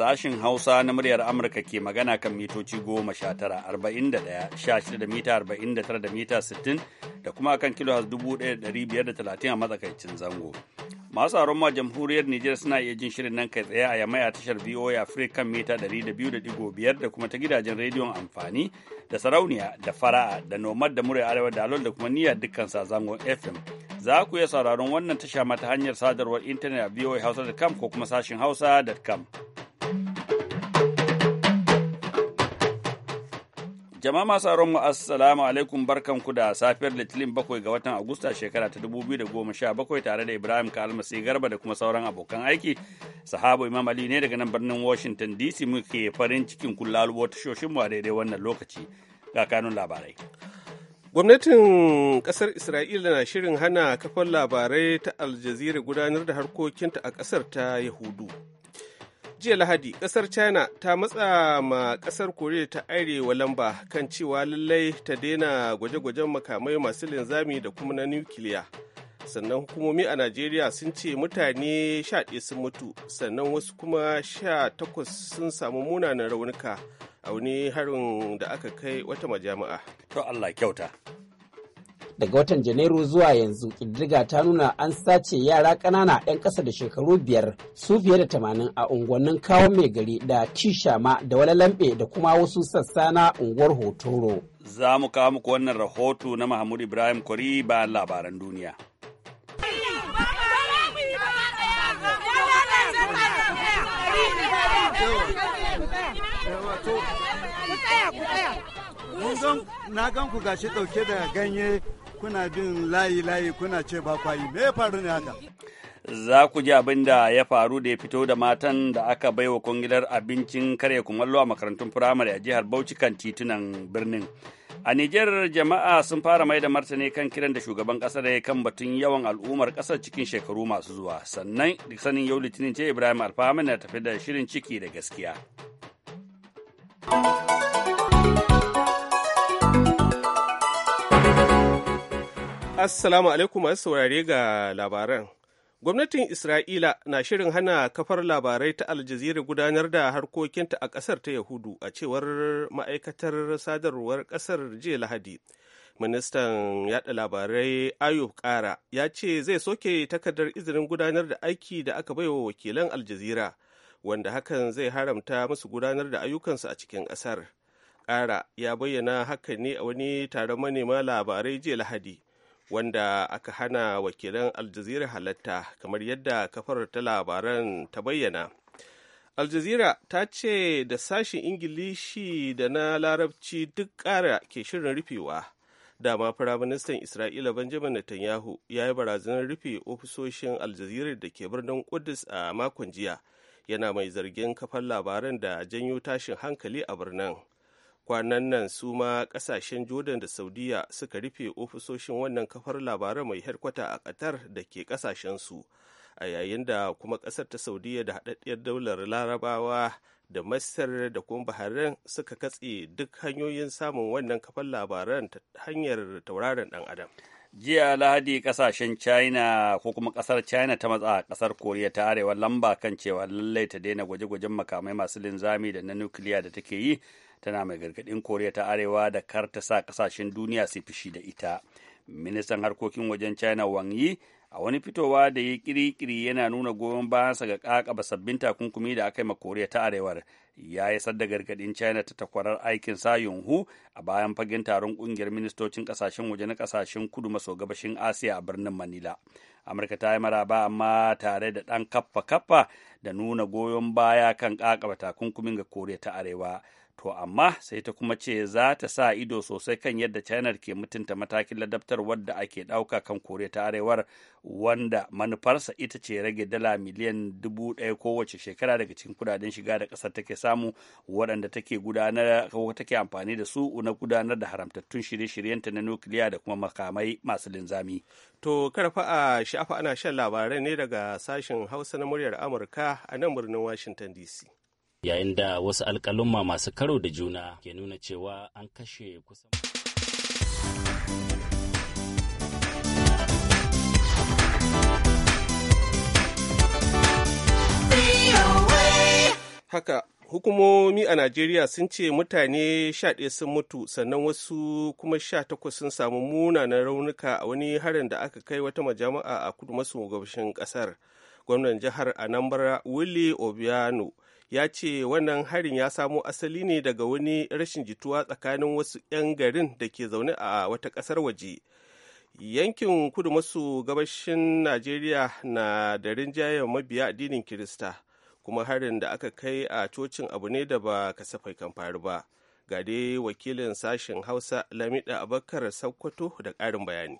Sashin Hausa na muryar Amurka ke magana kan mitoci goma sha tara arba'in da ɗaya sha shida da mita arba'in da tara da mita sittin da kuma kan kilo has dubu ɗaya da ɗari biyar da talatin a matsakaicin zango. Masu aron ma jamhuriyar Nijar suna iya jin shirin nan kai tsaye a yamai a tashar VOA Africa kan mita ɗari da biyu da ɗigo biyar da kuma ta gidajen rediyon amfani da sarauniya da fara'a da nomad da muryar arewa da alol da kuma niyyar dukkan sa zangon FM. Za ku iya sauraron wannan tasha mata hanyar sadarwar intanet a Hausa.com ko kuma sashin hausa.com. Jama'a masu mu assalamu alaikum barkanku da safiyar Litinin bakwai ga watan Agusta shekara ta da goma sha bakwai tare da Ibrahim sai Garba da kuma sauran abokan aiki. Sahabo Imam Ali ne daga nan birnin Washington DC muke farin cikin kullalubo tashoshin mu a daidai wannan lokaci ga kanun labarai. Gwamnatin kasar Isra'ila na shirin hana kafar labarai ta jazeera gudanar da harkokinta a kasar ta Yahudu. jiya lahadi kasar china ta matsa ma kasar koriya ta arewa lamba kan cewa lallai ta daina gwaje-gwajen makamai masu linzami da kuma na nukiliya sannan hukumomi a najeriya sun ce mutane sha sun mutu sannan wasu kuma sha takwas sun samu munanan raunuka a wani harin da aka kai wata majami'a to allah kyauta daga watan janairu zuwa yanzu ƙiddiga ta nuna an sace yara ƙanana 'yan ƙasa da shekaru biyar su fiye da tamanin a unguwannin kawo mai gari da tishama da wani lambe da kuma wasu sassa na unguwar hotoro za mu kawo muku wannan rahoto na mahmud ibrahim kwari bayan labaran duniya na gan ku gashi dauke da ganye kuna bin layi-layi kuna ce ba kwayi me ya faru ne haka? Za ku ji abin da ya faru da ya fito da matan da aka baiwa kwangilar abincin karya kumallo a makarantun firamare a jihar Bauchi kan titunan birnin. A Nijar jama'a sun fara mai da martani kan kiran da shugaban kasar ya kan batun yawan al'ummar kasar cikin shekaru masu zuwa. Sannan sanin yau litinin ce Ibrahim Alfahamin na tafi da shirin ciki da gaskiya. Assalamu alaikum masu saurare ga labaran. Gwamnatin Isra'ila na shirin hana kafar labarai ta Aljazeera gudanar da harkokinta a ƙasar ta Yahudu a cewar ma'aikatar sadarwar ƙasar jiya Lahadi. Ministan yaɗa labarai Ayub Kara ya ce zai soke takardar izinin gudanar da aiki da aka baiwa wakilan Aljazeera, wanda hakan zai haramta musu gudanar da ayyukansu a cikin ƙasar. Kara ya bayyana hakan ne a wani taron manema labarai jiya Lahadi. wanda aka hana wakilan aljazira halatta kamar yadda kafar ta labaran ta bayyana aljazira ta ce da sashen ingilishi da na larabci duk ƙara ke shirin rufewa dama firaministan isra'ila benjamin netanyahu ya yi barazanar rufe ofisoshin aljazira da ke birnin kudus a makon jiya yana mai zargin kafar labaran da janyo tashin hankali a birnin kwanan nan su ma kasashen jordan da saudiya suka rufe ofisoshin wannan kafar labaran mai harkwata a qatar da ke kasashen su a yayin da kuma kasar ta saudiya da haɗaɗɗiyar daular larabawa da masar da kuma bahrain suka katse duk hanyoyin samun wannan kafar labaran ta hanyar tauraron dan adam jiya lahadi kasashen china ko kuma kasar china ta matsa a kasar koriya ta arewa lamba kan cewa lallai ta daina gwaje-gwajen makamai masu linzami da na nukiliya da take yi tana mai gargadin koriya ta arewa da kar ta sa ƙasashen duniya su fishi da ita ministan harkokin wajen china wang yi a wani fitowa da ya kirikiri yana nuna goyon bayansa ga kakaba sabbin takunkumi da aka yi ma koriya ta arewar ya yi sadda gargadin china ta takwarar aikin sa yunhu a bayan fagen taron kungiyar ministocin kasashen waje na kasashen kudu maso gabashin asiya a birnin manila amurka ta yi maraba amma tare da ɗan kaffa kaffa da nuna goyon baya kan kakaba takunkumin ga koriya ta arewa to amma sai ta kuma ce za ta sa ido sosai kan yadda china ke mutunta matakin ladabtar wadda ake ɗauka kan kore ta arewar wanda manufarsa ita ce rage dala miliyan dubu ɗaya kowace shekara daga cikin kudaden shiga da ƙasar take samu waɗanda take gudanar ko take amfani da su na gudanar da haramtattun shirye-shiryenta na nukiliya da kuma makamai masu linzami to karfa a shafa ana shan labarai ne daga sashen hausa na muryar amurka a nan birnin washington dc yayin da wasu alkalumma masu karo da juna ke nuna cewa an kashe kusan haka hukumomi a najeriya sun ce mutane 11 sun mutu sannan wasu kuma 18 sun samu munanan raunuka a wani harin da aka kai wata majama'a a kudu maso gabashin kasar gwamnan jihar anambra willie obiano ya ce wannan harin ya samo asali ne daga wani rashin jituwa tsakanin wasu 'yan garin da ke zaune a wata ƙasar waje yankin kudu maso gabashin najeriya na da rinjayen mabiya addinin kirista kuma harin da aka kai a cocin abu ne da ba kasafai kan faru ba ga dai wakilin sashen hausa lamida abakar sakkwato da ƙarin bayani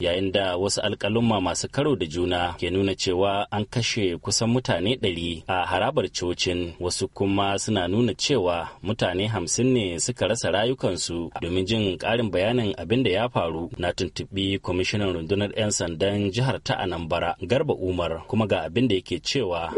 yayin da wasu alkalumma masu karo da juna ke nuna cewa an kashe kusan mutane ɗari a harabar cocin wasu kuma suna nuna cewa mutane hamsin ne suka rasa rayukansu domin jin ƙarin bayanin abin da ya faru na tuntubi kwamishinan rundunar 'yan sandan jihar ta anambra garba umar kuma ga abin da yake cewa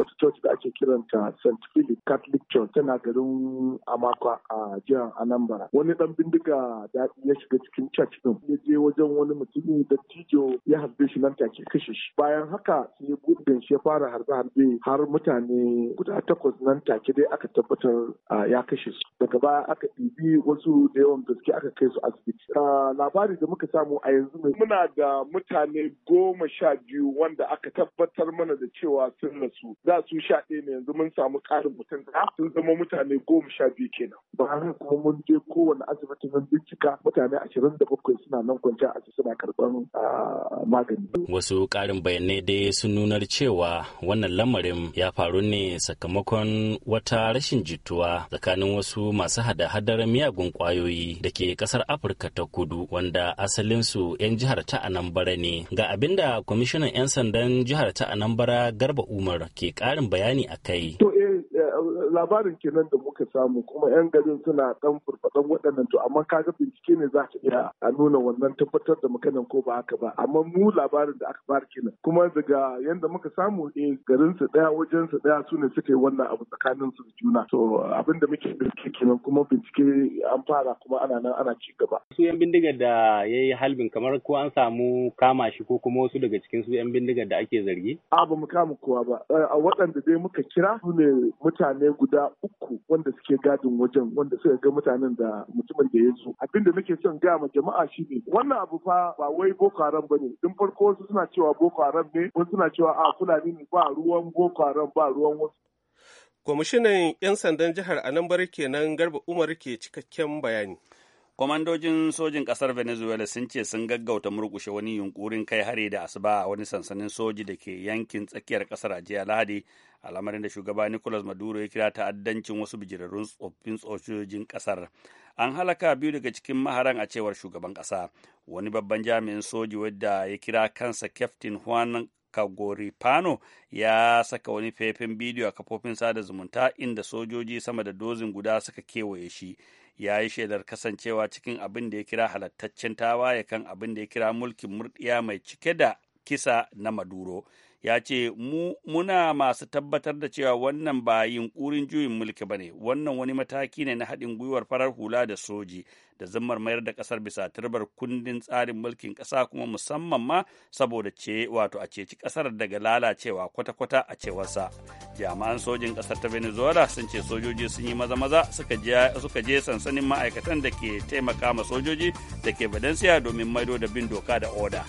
ake kiranta St. Philip Catholic Church tana garin Amakwa a jihar Anambra. Wani ɗan bindiga daɗi ya shiga cikin church din. Ya je wajen wani mutumi da Tijo ya harbe shi nan take kashe shi bayan haka sai gurbin shi ya fara harbe harbe har mutane guda takwas nan take dai aka tabbatar ah, ya kashe su daga baya aka ɗibi wasu da yawan gaske aka kai su asibiti ah, labari da muka samu a yanzu mai muna da mutane goma sha biyu wanda aka tabbatar mana da cewa sun rasu za su sha ɗaya ne yanzu mun samu ƙarin mutum sun zama mutane goma sha biyu kenan bayan kuma mun je kowane asibiti mun bincika mutane ashirin da bakwai suna nan kwanciya a suna karɓar magani. Wasu ƙarin bayanai dai sun nunar cewa wannan lamarin ya faru ne sakamakon wata rashin jituwa tsakanin wasu masu hada-hadar miyagun ƙwayoyi da ke ƙasar Afirka ta kudu wanda asalinsu 'yan jihar ta Anambra ne. Ga abinda kwamishinan 'yan sandan jihar ta Anambra Garba Umar ke ƙarin bayani a kai. To labarin kenan da muka samu kuma 'yan garin suna dan furfaɗan waɗannan to amma kaga bincike ne za ta iya a nuna wannan tabbatar da makanan ko ba haka ba amma mu labarin da aka bayar kenan kuma daga yanda muka samu eh garin su daya wajen su daya su ne suke wannan abu tsakanin su juna to abin da muke bincike kenan kuma bincike an fara kuma ana nan ana ci gaba su yan bindigar da yayi halbin kamar ko an samu kama shi ko kuma wasu daga cikin su yan bindigar da ake zargi a ba mu kama kowa ba eh, a waɗanda dai muka kira su ne mutane guda uku wanda suke gadin wajen wanda suka ga mutanen da mutumin da ya zo abin da nake son ga ma jama'a shine wannan abu fa ba wai boko haram ne. din farko wasu suna cewa boko haram ne wasu suna cewa a fulani ne ba ruwan boko haram ba ruwan wasu kwamishinan 'yan sandan jihar anambra kenan garba umar ke cikakken bayani kwamandojin sojin ƙasar venezuela sun ce sun gaggauta murkushe wani yunkurin kai hari da asuba a wani sansanin soji da ke yankin tsakiyar ƙasar a jiya lahadi al'amarin da shugaba nicolas maduro ya kira ta'addancin wasu bijirarrun tsoffin sojojin ƙasar an halaka biyu daga cikin maharan a cewar shugaban ƙasa wani babban jami'in soji wadda ya kira kansa captain juan kagoripano ya saka wani faifin bidiyo a kafofin sada zumunta inda sojoji sama da dozin guda suka kewaye shi ya yi shaidar kasancewa cikin abin da ya kira halattaccen tawaye kan abin da ya kira mulkin murɗiya mai cike da kisa na maduro ya ce mu muna masu tabbatar da cewa wannan ba yunkurin juyin mulki ba ne wannan wani mataki ne na haɗin gwiwar farar hula da soji da zammar mayar da ƙasar bisa turbar kundin tsarin mulkin ƙasa kuma musamman ma saboda ce wato a ceci ƙasar daga lalacewa kwata-kwata a cewarsa jami'an sojin ƙasar ta venezuela sun ce sojoji sun yi maza-maza suka je sansanin ma'aikatan da ke taimaka ma sojoji da ke valencia domin maido da bin doka da oda.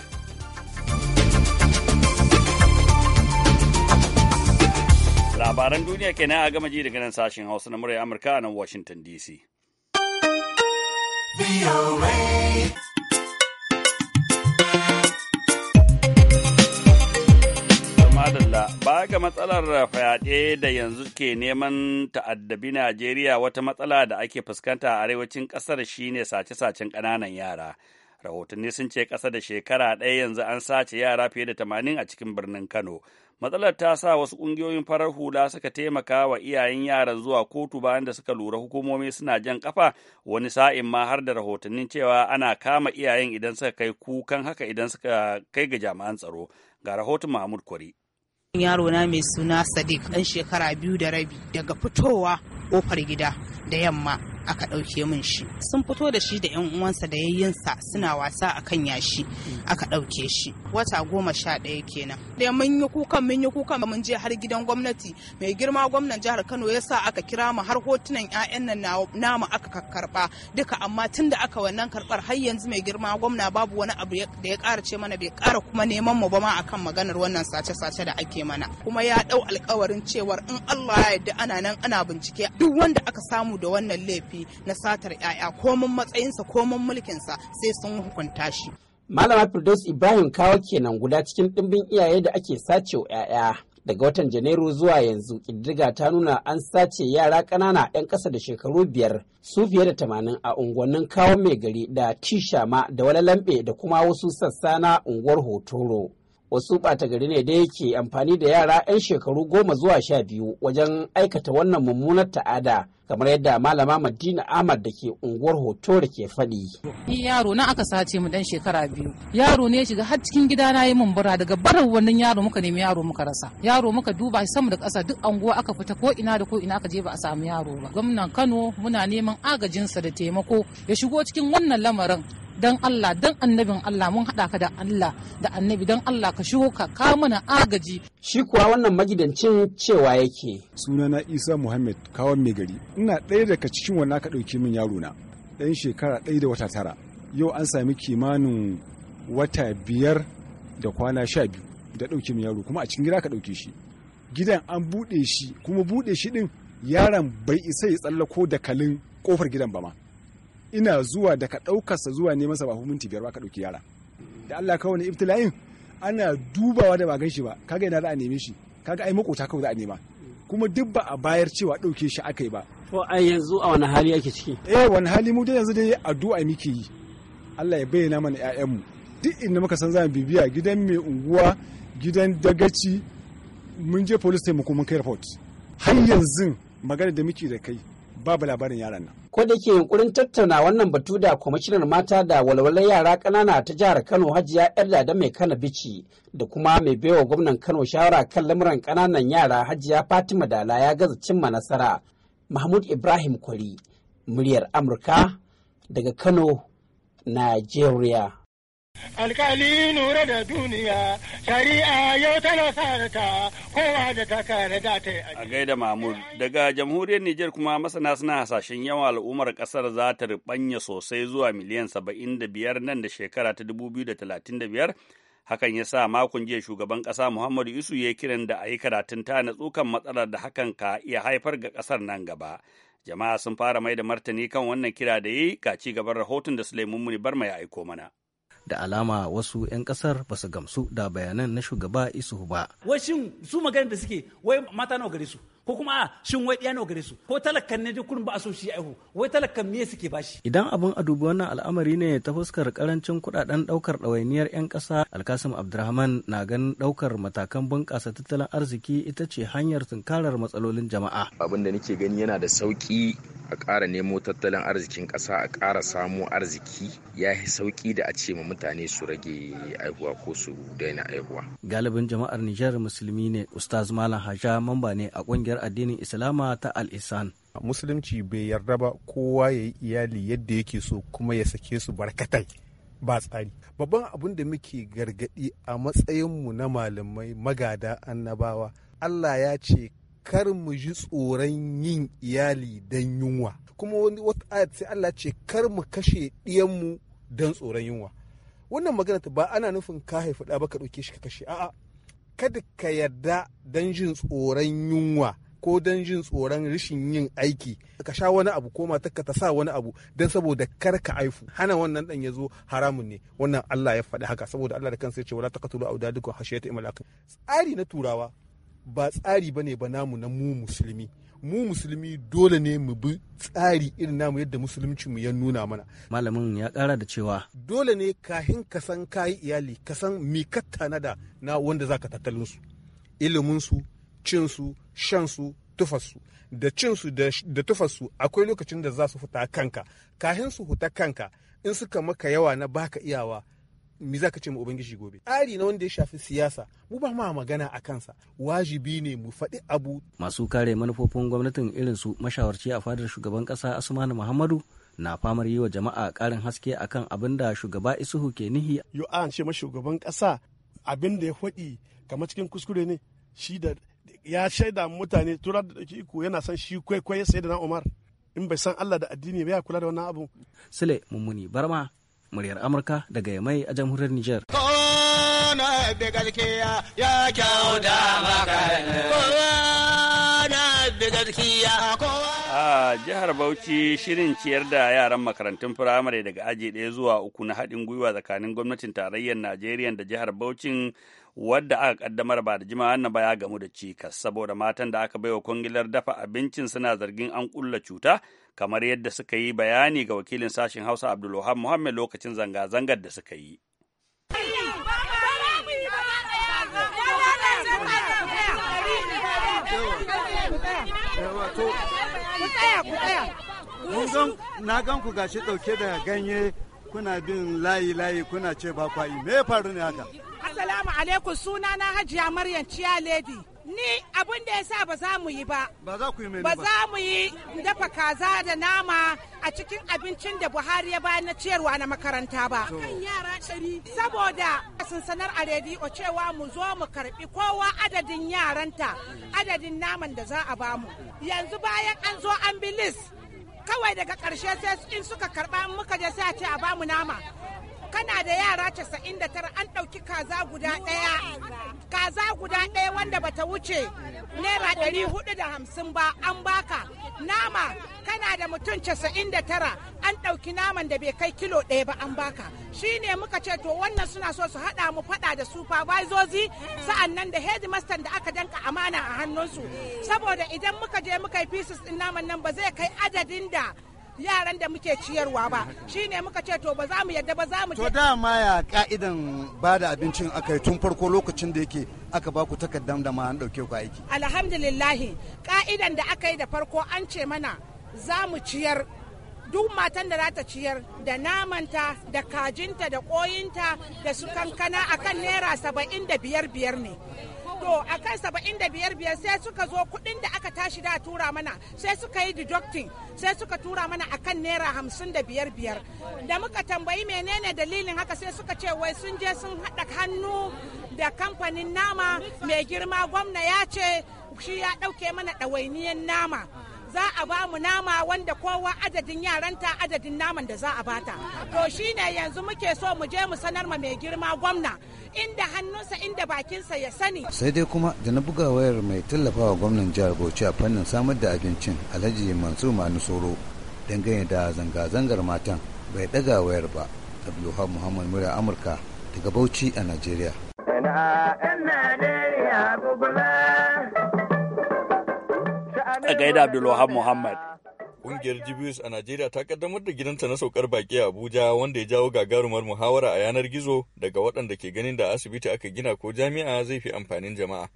labaran duniya kenan a gama ji daga nan sashen hausa na murya amurka a nan washington dc Madalla ga matsalar fyaɗe da yanzu ke neman ta'addabi Najeriya wata matsala da ake fuskanta a arewacin ƙasar shine sace-sacen ƙananan yara. Rahotanni sun ce ƙasa da shekara ɗaya yanzu an sace yara fiye da tamanin a cikin birnin Kano. matsalar ta sa wasu ƙungiyoyin farar hula suka taimaka wa iyayen yaran zuwa kotu bayan da suka lura hukumomi suna jan kafa wani sa'in ma har da rahotannin cewa ana kama iyayen idan suka kai kukan haka idan suka kai ga jami'an tsaro ga rahoton mahmud kwari yaro na mai suna sadiq ɗan shekara biyu da rabi daga fitowa kofar gida da yamma aka ɗauke min shi sun fito da shi da yan uwansa da yayyinsa suna wasa a kan yashi aka ɗauke shi wata goma sha ɗaya kenan da mun yi kukan mun yi kukan mun je har gidan gwamnati mai girma gwamnan jihar kano ya sa aka kira mu har hotunan 'ya'yan nan namu aka karɓa duka amma tun da aka wannan karɓar har yanzu mai girma gwamna babu wani abu da ya ƙara ce mana bai ƙara kuma neman mu ba ma akan maganar wannan sace-sace da ake mana kuma ya ɗau alkawarin cewar in Allah ya yarda ana nan ana bincike duk wanda aka samu da wannan laifi laifi na satar 'ya'ya komin matsayinsa komin mulkinsa sai sun hukunta shi Malama Firdaus Ibrahim kawo kenan guda cikin ɗimbin iyaye da ake sace wa 'ya'ya. Daga watan Janairu zuwa yanzu ƙididdiga ta nuna an sace yara ƙanana 'yan ƙasa da shekaru biyar su fiye da tamanin a unguwannin kawo mai gari da tishama da wani lambe da kuma wasu sassa na unguwar hotoro. wasu ɓata gari ne da yake amfani da yara 'yan shekaru goma zuwa sha biyu wajen aikata wannan mummunar ta'ada kamar yadda malama madina ahmad da ke unguwar hoto da ke faɗi. ni yaro na aka sace mu dan shekara biyu yaro ne shiga har cikin gida na yi mun bura daga barar wannan yaro muka nemi yaro muka rasa yaro muka duba shi sama da ƙasa duk anguwa aka fita ko ina da ko ina aka je ba a samu yaro ba gwamnan kano muna neman agajinsa da taimako ya shigo cikin wannan lamarin dan Allah dan annabin Allah mun haɗa ka da Allah da annabi dan Allah ka shigo ka ka mana agaji shi kuwa wannan magidancin cewa yake sunana Isa Muhammad kawon mai gari ina ɗaya daga cikin wani aka ɗauki min yaro na ɗan shekara ɗaya da wata tara yau an sami kimanin wata biyar da kwana sha biyu da ɗauki min yaro kuma a cikin gida ka ɗauke shi gidan an buɗe shi kuma buɗe shi ɗin yaron bai isa ya tsallako dakalin ƙofar gidan ba ma ina zuwa da ka ɗaukarsa zuwa ne masa ba minti biyar ba ka ɗauki yara da Allah kawai ibtila'in ana dubawa da ba gan shi ba kaga ina za a neme shi kaga ai makota kawai za a nema kuma duk ba a bayar cewa ɗauke shi aka yi ba. To ai yanzu a wani hali ake ciki? Eh wani hali mu dai yanzu dai addu'a muke yi. Allah ya bayyana mana mu. Duk inda muka san za mu bibiya gidan mai unguwa, gidan dagaci, mun je police mu kuma kai report. Har yanzu magana da muke da kai babu labarin yaran nan. Ko da ke yunkurin tattauna wannan batu da kwamishinar mata da walwalar yara ƙanana ta jihar Kano Hajiya Yarda da mai Kano Bici da kuma mai baiwa gwamnan Kano shawara kan lamuran ƙananan yara Hajiya Fatima Dala ya gaza cimma nasara. Mahmud Ibrahim Kwari, muryar Amurka daga Kano, Najeriya. Alkali nura da duniya, shari'a yau tana sarata kowa da ta kare da ta A gaida Mahmud, daga jamhuriyar Nijar kuma masana suna hasashen yawan al'ummar ƙasar za ta ribanya sosai zuwa miliyan saba'in nan da shekara ta dubu biyu Hakan ya sa makon jiya shugaban ƙasa Muhammadu Isu ya kiran da a yi karatun ta na tsukan matsalar da hakan ka iya haifar ga ƙasar nan gaba. Jama'a sun fara mai da martani kan wannan kira da yi ga ci gaban rahoton da Suleiman Muni Barma ya aiko mana. da alama wasu 'yan kasar ba su gamsu da bayanan na shugaba isu ba. Wai shin su maganar da suke wai mata nawa gare su ko kuma shin wai ɗiya nawa gare su ko talakan ne duk ba a so shi aihu wai talakan me suke bashi idan abin a dubi wannan al'amari ne ta fuskar karancin kuɗaɗen ɗaukar ɗawainiyar 'yan ƙasa alkasim abdurrahman na ganin ɗaukar matakan bunƙasa tattalin arziki ita ce hanyar tunkarar matsalolin jama'a abin da nake gani yana da sauƙi a ƙara nemo tattalin arzikin ƙasa a ƙara samo arziki ya yi sauƙi da a ce ma mutane su rage aihuwa ko su daina aihuwa galibin jama'ar nijar musulmi ne ustaz malam haja mamba ne a ƙungiyar cibiyar addinin Islama ta al'isan. Musulunci bai yarda ba kowa ya yi iyali yadda yake so kuma ya sake su barkatai ba tsari. Babban abin da muke gargadi a matsayinmu na malamai magada annabawa Allah ya ce kar mu ji tsoron yin iyali don yunwa. Kuma wani wata ayat sai Allah ce kar mu kashe ɗiyanmu don tsoron yunwa. Wannan magana ba ana nufin ka haifi ɗa ba ka ɗauke shi ka kashe a'a kada ka yarda don jin tsoron yunwa ko don jin tsoron rashin yin aiki ka sha wani abu ko matarka ta sa wani abu don saboda kar ka aifu hana wannan dan ya zo haramun ne wannan Allah ya faɗi haka saboda Allah da kansa ya ce wala taqtulu auladukum khashiyata imlaq tsari na turawa ba tsari bane ba namu na mu musulmi mu musulmi dole ne mu bi tsari irin namu yadda musulunci mu ya nuna mana malamin ya kara da cewa dole ne kahin ka san kayi iyali ka san mi kattana da na wanda zaka tattalin su ilimin su cinsu shansu tufarsu da cinsu da tufarsu akwai lokacin da za su huta kanka kahin su huta kanka in suka maka yawa na baka iyawa mi za ka ce ma ubangiji gobe tsari na wanda ya shafi siyasa mu ba ma magana a kansa wajibi ne mu faɗi abu masu kare manufofin gwamnatin irin su mashawarci a fadar shugaban ƙasa asmanu muhammadu na famar yi wa jama'a ƙarin haske akan abin da shugaba isuhu ke nihi yo an ce shugaban kasa abin da ya faɗi kamar cikin kuskure ne shi da ya shaida mutane tura da ɗauki iko yana san shi kwaikwayi sai da na umar in bai san allah da addini ba ya kula da wannan abu sile mummuni barma muryar amurka daga yamai a jamhuriyar niger na ya A jihar Bauchi shirin ciyar da yaran makarantun firamare daga aji ɗaya zuwa uku na haɗin gwiwa tsakanin gwamnatin tarayyar Najeriya da jihar Bauchin wadda aka kaddamar ba da jimawa na baya gamu da cikas saboda matan da aka baiwa kwangilar dafa abincin suna zargin an kulla cuta kamar yadda suka yi bayani ga wakilin sashen Hausa Abdulwahab Muhammad lokacin zanga-zangar da suka yi. Yeah, na gan ku gashi dauke da ganye kuna bin layi layi kuna ce ba kwayi me faru ne haka assalamu alaikum suna na hajiya maryam ciya lady ni abin da ya sa ba za mu yi ba ba za mu yi dafa kaza da nama a cikin abincin da buhari ya bayar na ciyarwa na makaranta ba saboda sun sanar a rediyo cewa mu zo mu karbi kowa adadin yaranta adadin naman da za a bamu yanzu bayan an zo an bi kawai daga ƙarshe sai in suka karba muka je sai a ce a bamu nama kana da yara casa'in da tara an ɗauki kaza guda ɗaya kaza guda ɗaya wanda bata wuce naira ɗari hudu da hamsin ba an baka nama kana da mutum casa'in da tara an ɗauki naman da bai kai kilo ɗaya ba an baka shi ne muka ce to wannan suna so su haɗa mu faɗa da supervisorzi sa'an nan da headmaster da aka danka amana a hannunsu saboda idan muka je muka yi pieces ɗin naman nan ba zai kai adadin da yaran da muke ciyarwa ba shi ne muka ce to ba za mu yadda ba za mu to dama ya ka'idan ba da abincin aka yi tun farko lokacin da yake aka ba ku takardar da ma an dauke ku aiki alhamdulillah ka'idan da aka yi da farko an ce mana za mu ciyar duk matan da za ta ciyar da namanta da kajinta da koyinta da su kankana akan naira saba'in da biyar biyar ne to a kan saba'in da biyar biyar sai suka zo kuɗin da aka tashi da tura mana sai suka yi deducting sai suka tura mana a kan naira hamsin da biyar biyar da muka tambayi menene dalilin haka sai suka ce wai sun je sun haɗa hannu da kamfanin nama mai girma gwamna ya ce shi ya ɗauke mana ɗawainiyan nama za a ba mu nama wanda kowa adadin yaranta adadin naman da za a bata to shi ne yanzu muke so mu je mu sanar ma mai girma gwamna inda hannunsa inda bakinsa ya sani sai dai kuma da na buga wayar mai tallafawa gwamnan jihar bauchi a fannin samar da abincin alhaji mansur manusoro dangane da zanga-zangar matan bai daga wayar ba Abdullahi muhammad murya amurka daga bauchi a najeriya gaida Abdulwahab Muhammad. Kungiyar GBS a Najeriya ta kaddamar da gidanta na saukar baki a Abuja wanda ya jawo gagarumar muhawara a yanar gizo daga waɗanda ke ganin da asibiti aka gina ko jami'a zai fi amfanin jama'a.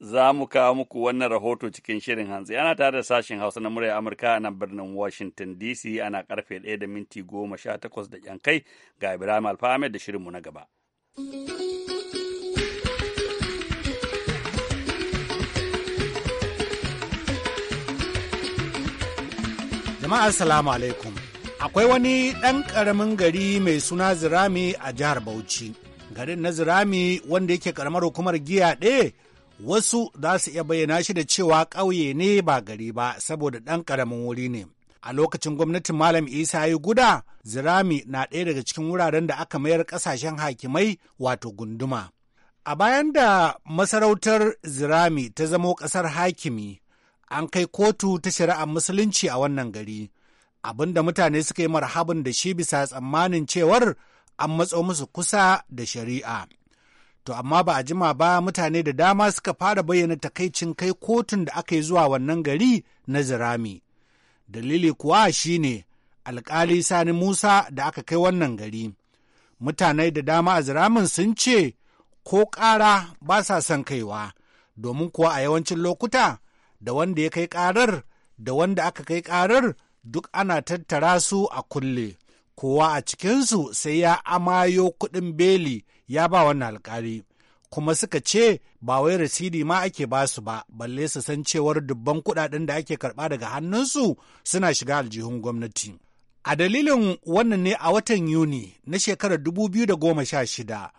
Za mu kawo muku wannan rahoto cikin shirin hantsi. Ana tare da sashen Hausa na murya Amurka a nan birnin Washington DC ana karfe 1 da minti goma sha takwas da yan kai ga Ibrahim Alfahamed da shirinmu na gaba. Jama'a salamu alaikum. Akwai wani ɗan ƙaramin gari mai suna Zirami a jihar Bauchi. Garin na Zirami wanda yake ƙaramar hukumar giya ɗaya wasu za su iya bayyana shi da cewa ƙauye ne ba gari ba saboda ɗan ƙaramin wuri ne. A lokacin gwamnatin Malam Isa ya guda, Zirami na ɗaya daga cikin wuraren da aka mayar ƙasashen hakimai wato gunduma. A bayan da masarautar Zirami ta zamo ƙasar hakimi, an kai kotu ta shari'ar musulunci a wannan gari abin da mutane suka yi marhabin da shi bisa tsammanin cewar an matso musu kusa da shari'a to amma ba a jima ba mutane da dama suka fara bayyana takaicin kai kotun da aka yi zuwa wannan gari na zirami dalili kuwa shine alkali sani musa da aka kai wannan gari mutane da dama a ziramin sun ce ko ƙara ba sa son kaiwa domin kuwa a yawancin lokuta da wanda ya kai karar da wanda aka kai karar duk ana tattara su a kulle kowa a cikinsu sai ya amayo kuɗin beli ya ba wannan alkali kuma suka ce ba wai rasidi ma ake ba su ba balle su san cewar dubban kuɗaɗen da ake karɓa daga hannunsu suna shiga aljihun gwamnati a dalilin wannan ne a watan yuni na shekarar 2016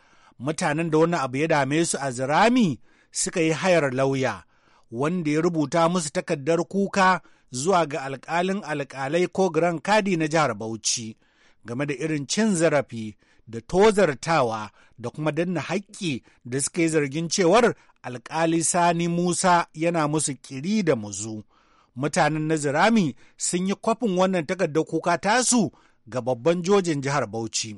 mutanen da wani abu ya dame su a zirami suka yi hayar lauya wanda ya rubuta musu takardar kuka zuwa ga alkalin alkalai ko Grand Kadi na jihar Bauchi game da irin cin zarafi da tozartawa da kuma danna haƙƙi da suka yi zargin cewar alkali Sani Musa yana musu kiri da muzu. Mutanen Nazirami sun yi kwafin wannan takardar kuka tasu ga babban jojin jihar Bauchi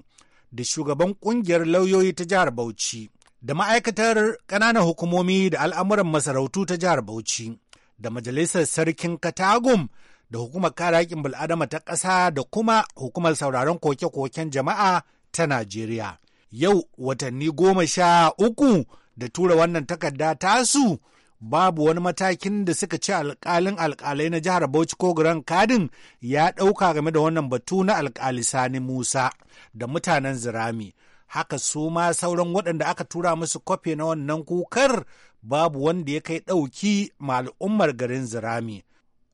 da shugaban ƙungiyar lauyoyi ta jihar Bauchi. da ma'aikatar ƙananan hukumomi da al'amuran masarautu ta jihar Bauchi da majalisar sarkin Katagum da hukumar kare haƙƙin bil'adama ta ƙasa da kuma hukumar sauraron koke-koken jama'a ta Najeriya. Yau watanni goma sha uku da tura wannan takarda tasu babu wani matakin da suka ci alkalin alkalai na jihar Bauchi ko Grand Kadin ya ɗauka game da wannan batu na alkali Sani Musa da mutanen Zirami haka su ma sauran waɗanda aka tura musu kwafe na wannan kukar babu wanda ya kai ɗauki ma al'ummar garin zirami.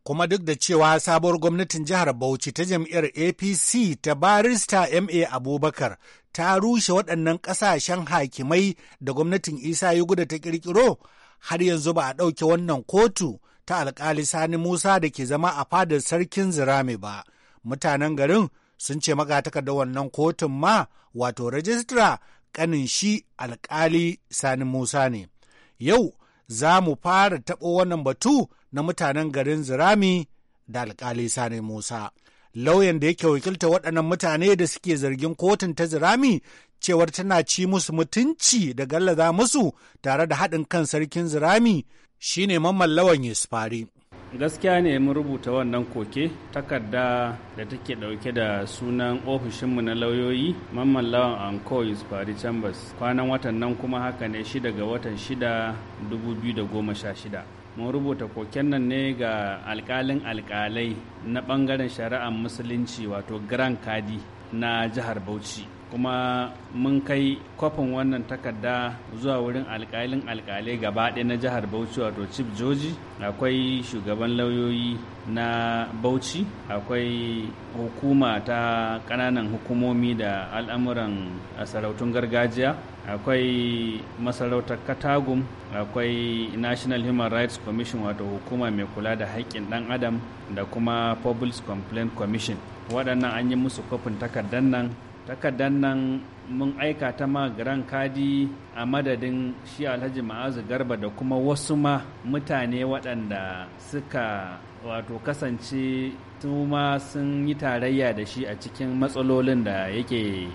Kuma duk da cewa sabuwar gwamnatin jihar Bauchi ta jam'iyyar APC ta barista MA Abubakar ta rushe waɗannan ƙasashen hakimai da gwamnatin Isa Yuguda ta ƙirƙiro har yanzu ba a ɗauke wannan kotu ta alƙali Sani Musa da ke zama a fadar sarkin zirame ba. Mutanen garin sun ce magatakardar wannan kotun ma wato rajistra kanin shi alkali sani musa ne yau za mu fara taɓo wannan batu na mutanen garin zirami da alkali sani musa lauyan da yake wakilta waɗannan mutane da suke zargin kotun ta zirami cewar tana ci musu mutunci da gallaza musu tare da haɗin kan sarkin zirami shine mamman lawan yusufari gaskiya ne mun rubuta wannan koke takarda da take dauke da sunan ofishinmu na lauyoyi mamman lawan anko yusufari chambers kwanan watan nan kuma haka ne shida ga watan shida 2016 mun rubuta koken nan ne ga alkalin alkalai na bangaren shari'ar musulunci wato grand kadi na jihar bauchi kuma mun kai kwafin wannan takarda zuwa wurin alkalin alkalai gaba ɗaya na jihar bauchi wato chief joji akwai shugaban lauyoyi na bauchi akwai hukuma ta ƙananan hukumomi da al'amuran sarautun gargajiya akwai masarautar katagum akwai national human rights commission wato hukuma mai kula da haƙƙin ɗan adam da kuma public complaint commission waɗannan an yi musu kwafin takardar nan takardar nan mun aika ta ma garan kadi a madadin shi alhaji ma'azu garba da kuma wasu ma mutane waɗanda suka wato kasance ma sun yi tarayya da shi a cikin matsalolin da yake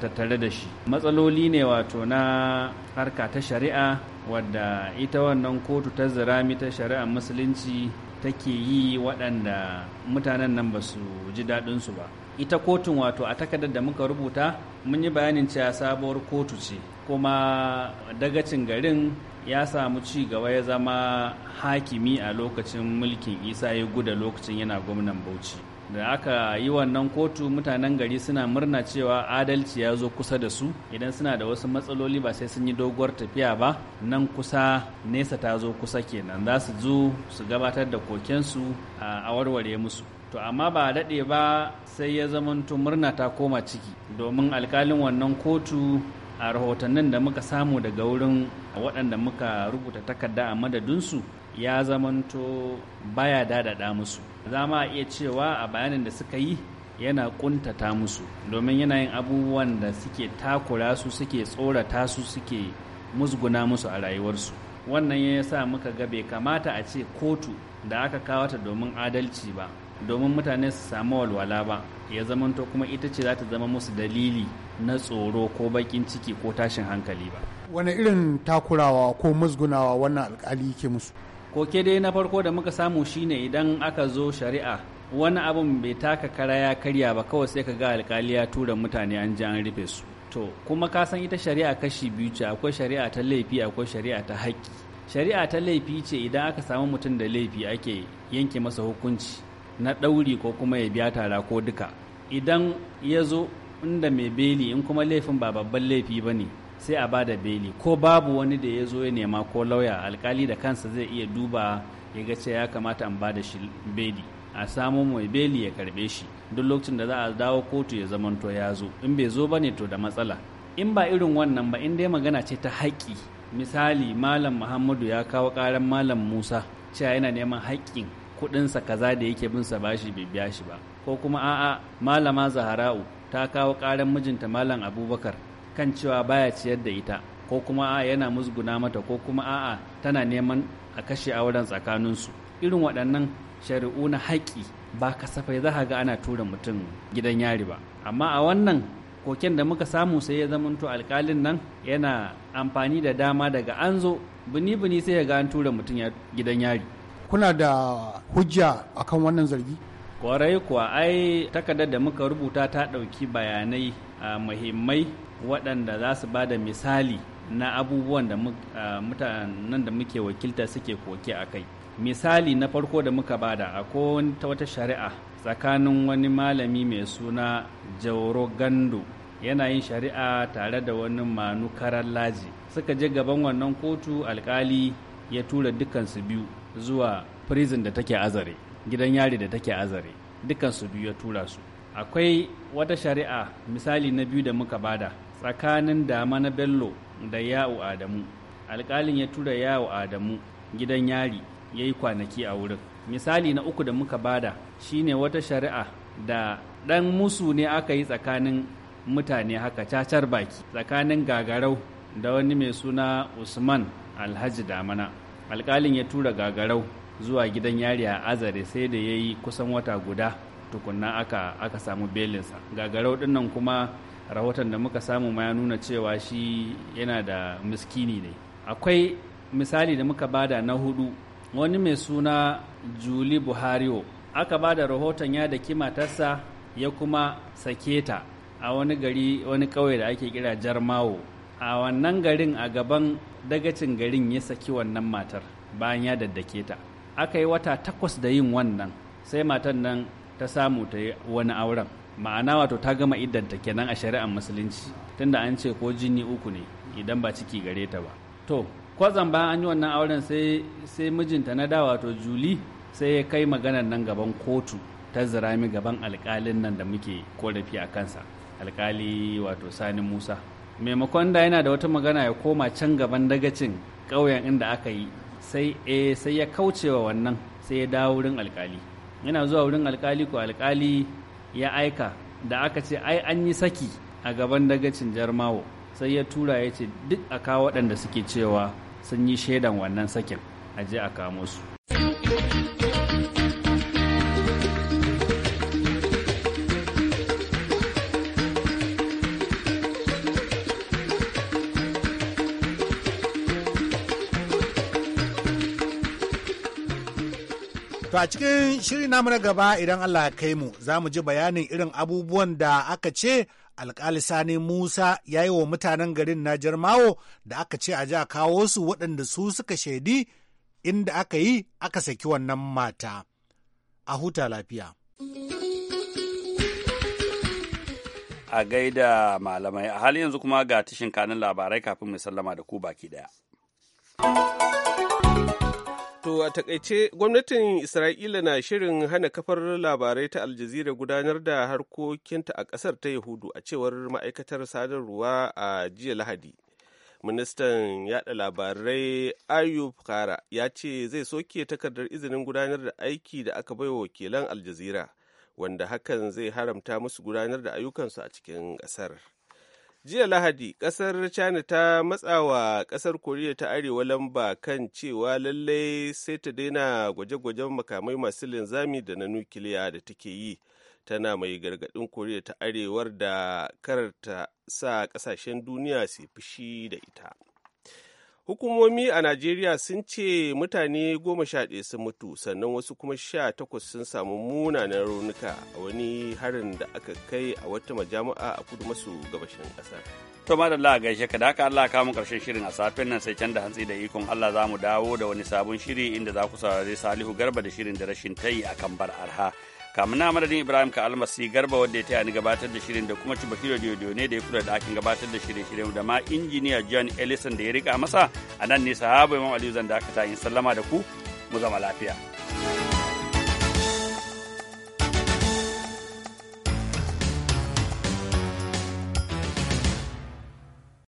tattare da shi matsaloli ne wato na harka ta shari'a wadda ita wannan kotu ta zirami ta shari'a musulunci take yi waɗanda mutanen nan ba su ji daɗinsu ba ita kotun wato a takardar da muka rubuta mun yi bayanin cewa sabuwar kotu ce kuma dagacin garin ya samu ci gaba ya zama hakimi a lokacin mulkin isa ya guda lokacin yana gwamnan bauchi da aka yi wannan kotu mutanen gari suna murna cewa adalci ya zo kusa da su idan suna da wasu matsaloli ba sai sun yi doguwar tafiya ba nan kusa nesa ta zo kusa kenan za su zo su gabatar da kokensu a warware musu to amma ba daɗe ba sai ya zamanto murna ta koma ciki domin alkalin wannan kotu a rahotannin da muka samu daga wurin waɗanda muka rubuta takarda a madadinsu ya zamanto baya dadada musu za ma iya cewa a bayanin da suka yi yana kuntata musu domin yana yin abubuwan da suke takura su suke tsorata su suke musguna musu a rayuwarsu wannan ya sa muka ga bai kamata a ce kotu da aka kawata domin adalci ba domin mutane su samu walwala ba ya zamanto kuma ita ce za ta zama musu dalili na tsoro ko bakin ciki ko tashin hankali ba wani irin takurawa ko musgunawa wannan alkali ke musu koke dai na farko da muka samu shine idan aka zo shari'a wani abin bai taka kara ya karya ba kawai sai ka ga alkali ya tura mutane an ji an rufe su to kuma ka san ita shari'a kashi biyu ce akwai shari'a ta laifi akwai shari'a ta haƙƙi shari'a ta laifi ce idan aka samu mutum da laifi ake yanke masa hukunci na ɗauri ko kuma ya biya tara ko duka idan ya zo inda mai beli in kuma laifin ba babban laifi ba ne sai a bada beli ko babu wani da ya zo ya nema ko lauya alkali da kansa zai iya duba ya ga ce ya kamata an bada shi beli a samu mai beli ya karbe shi duk lokacin da za a dawo kotu ya zamanto ya zo in bai zo ba ne to da matsala in ba irin wannan ba in dai magana ce ta haƙƙi misali malam muhammadu ya kawo ƙaran malam musa cewa yana neman haƙƙin kuɗinsa kaza da yake bin sa bashi bai biya shi ba ko kuma a'a malama Zahra'u ta kawo ƙaran mijinta malam abubakar kan cewa baya ciyar da ita ko kuma a'a yana musguna mata ko kuma a'a tana neman a kashe auren tsakaninsu irin waɗannan shari'u na haƙƙi ba kasafai za ka ga ana tura mutum gidan yari ba amma a wannan koken da muka samu sai ya zamanto alƙalin nan yana amfani da dama daga anzo, bini-bini sai ya ga an tura mutum gidan yari kuna da hujja akan wannan zargi kwarai kuwa ai takardar da muka rubuta ta ɗauki bayanai a muhimmai waɗanda za su ba da misali na abubuwan da mutanen da muke wakilta suke koke a kai misali na farko da muka ba bada akwai wata shari'a tsakanin wani malami mai suna jauro gando yana yin shari'a tare da wani manukarar laji suka je gaban wannan kotu alkali ya tura dukansu biyu zuwa prison da take azare gidan yari da take azare dukkan su biyu ya tura su akwai wata shari'a misali na biyu da muka bada tsakanin dama na bello da yawo adamu alkalin ya tura yawo adamu gidan yari ya yi kwanaki a wurin misali na uku da muka bada shine wata shari'a da ɗan musu ne aka yi tsakanin mutane haka cacar baki tsakanin gagarau da wani mai suna usman alhaji damana alkalin ya tura gagarau zuwa gidan yari a azare sai da ya yi kusan wata guda tukunna aka, aka samu belinsa gagarau din kuma rahoton da muka samu ma ya nuna cewa shi yana da miskini ne akwai misali da muka bada na hudu wani mai suna juli buhariyo aka bada rahoton ya da kimatarsa ya kuma sake ta a wani gari wani ƙauye da ake kira jarmawo a wannan garin a gaban dagacin garin ya saki wannan matar bayan ya daddake ta aka yi wata takwas da yin wannan sai matar nan ta samu ta yi wani auren ma'ana wato ta gama iddanta kenan a shari'ar musulunci tunda an ce ko jini uku ne idan ba ciki gare ta ba to kwazan bayan an yi wannan auren sai sai mijinta na da wato juli sai ya kai maganar nan gaban kotu ta zirami gaban alkalin nan da muke korafi a kansa alkali wato sani musa maimakon da yana da wata magana ya koma can gaban dagacin ƙauyen inda aka yi sai e sai ya kaucewa wannan sai ya dawo wurin alkali yana zuwa wurin alkali ko alkali ya aika da aka ce ai an yi saki a gaban dagacin jarmawo sai ya tura ya ce duk a kawo waɗanda suke cewa sun yi shaidan wannan sakin a je a kamo su To a cikin shiri namu na gaba idan Allah ya kai mu za mu ji bayanin irin abubuwan da aka ce alkali Sani Musa ya yi wa mutanen garin na Jarmawo da aka ce a ja kawo su waɗanda su suka shaidi inda aka yi aka saki wannan mata. A huta lafiya. A gaida malamai, a hali yanzu kuma ga tashin kanin labarai kafin mu sallama da ku baki ɗaya. To a takaice gwamnatin Isra'ila na shirin hana kafar labarai ta Aljazira gudanar da harkokinta a ƙasar ta Yahudu a cewar ma'aikatar sadarwa a jiya Lahadi. Ministan yada labarai Ayub Kara ya ce zai soke takardar izinin gudanar da aiki da aka baiwa wakilan Aljazira, wanda hakan zai haramta musu gudanar da ayyukansu a cikin ƙasar. jiya lahadi kasar china ta matsa wa kasar koriya ta arewa lamba kan cewa lallai sai ta daina gwaje-gwajen makamai masu linzami da na nukiliya da take yi tana mai gargadin koriya ta arewar da karta sa kasashen duniya su fushi da ita hukumomi a najeriya sun ce mutane goma sha ɗaya sun mutu sannan wasu kuma sha takwas sun samu munanan raunuka a wani harin da aka kai a wata majami'a a kudu maso gabashin ƙasar to ma da Allah gaishe ka da Allah ka mu karshen shirin a safen nan sai can da hantsi da ikon Allah za mu dawo da wani sabon shiri inda za ku saurari Salihu Garba da shirin da rashin tayi akan bar arha kamuna madadin ibrahim ka almasi garba wadda ya taya ni gabatar da shirin da kuma cibahiro diodio ne da ya kula da akin gabatar da shirin shirin da ma injiniya john ellison da ya rika masa a nan ne sahaba imam aliyu zan da aka yin sallama da ku mu zama lafiya